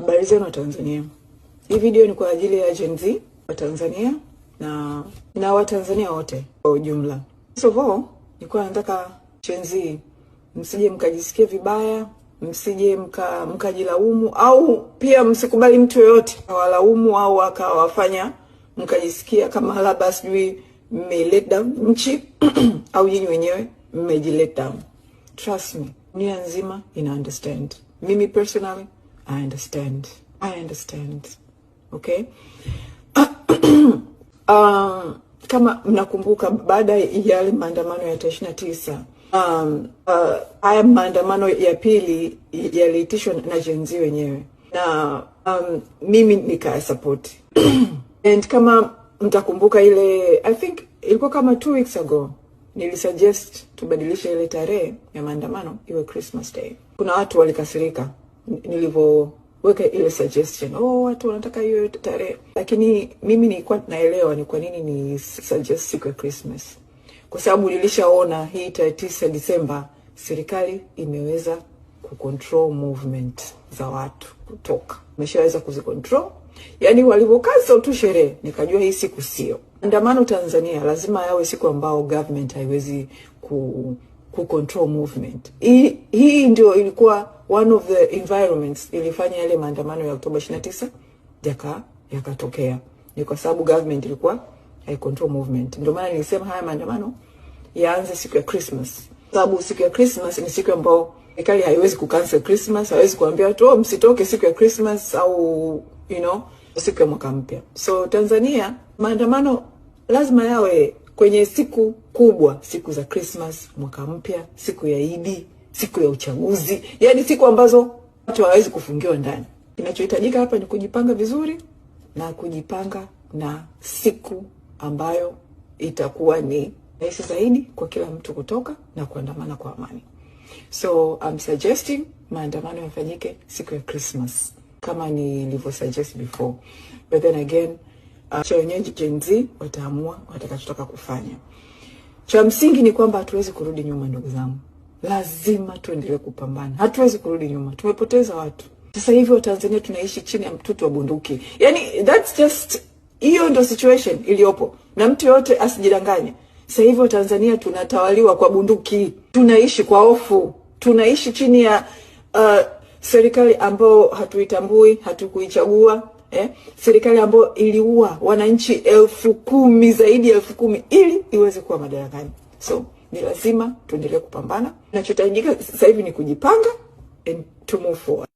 Habari zenu wa Tanzania, hii video ni kwa ajili ya Gen Z wa Tanzania na na Watanzania wote kwa ujumla. First of all, nilikuwa nataka Gen Z msije mkajisikia vibaya, msije mka, mkajilaumu au pia msikubali mtu yoyote awalaumu au akawafanya mkajisikia kama labda sijui mme let down nchi au nyinyi wenyewe mmejilet down. Trust me, dunia nzima ina understand. Mimi personally I understand. I understand. Okay? um, kama mnakumbuka baada ya yale maandamano ya tarehe ishirini na tisa um, uh, haya maandamano ya pili yaliitishwa na jenzi wenyewe na um, mimi nikayasapoti and kama mtakumbuka ile i think ilikuwa kama two weeks ago nilisuggest tubadilishe ile tarehe ya maandamano iwe Christmas Day. Kuna watu walikasirika nilivyoweka ile suggestion, oh, watu wanataka hiyo tarehe, lakini mimi nilikuwa naelewa ni kwa nini ni suggest siku ya Christmas, kwa sababu nilishaona hii tarehe tisa Disemba serikali imeweza kucontrol movement za watu kutoka, imeshaweza kuzicontrol yaani walivyokaza tu sherehe, nikajua hii siku sio andamano. Tanzania lazima yawe siku ambao government haiwezi ku kucontrol movement. Hii, hii ndio ilikuwa one of the environments ilifanya yale maandamano ya Oktoba 29 yaka yakatokea. Ni kwa sababu government ilikuwa hai control movement. Ndio maana nilisema haya maandamano yaanze siku ya Christmas. Sababu siku ya Christmas ni siku ambayo serikali haiwezi kucancel Christmas, haiwezi kuambia watu oh, msitoke siku ya Christmas au you know siku ya mwaka mpya. So Tanzania maandamano lazima yawe kwenye siku kubwa, siku za Christmas, mwaka mpya, siku ya Idi, siku ya uchaguzi, yaani siku ambazo watu hawawezi kufungiwa ndani. Kinachohitajika hapa ni kujipanga vizuri na kujipanga na siku ambayo itakuwa ni rahisi zaidi kwa kila mtu kutoka na kuandamana kwa amani. So I'm suggesting maandamano yafanyike siku ya Christmas kama nilivyo suggest before, but then again uh, cha wenyeji Gen Z wataamua watakachotaka kufanya. Cha msingi ni kwamba hatuwezi kurudi nyuma, ndugu zangu, lazima tuendelee kupambana, hatuwezi kurudi nyuma. Tumepoteza watu sasa hivi, Watanzania tunaishi chini ya mtutu wa bunduki, yani that's just hiyo ndo situation iliyopo, na mtu yoyote asijidanganye. Sasa hivi Watanzania tunatawaliwa kwa bunduki, tunaishi kwa hofu, tunaishi chini ya uh, serikali ambayo hatuitambui, hatukuichagua, eh, serikali ambayo iliua wananchi elfu kumi zaidi ya elfu kumi ili iweze kuwa madarakani. So ni lazima tuendelee kupambana. Nachotajika sasa hivi ni kujipanga and to move forward.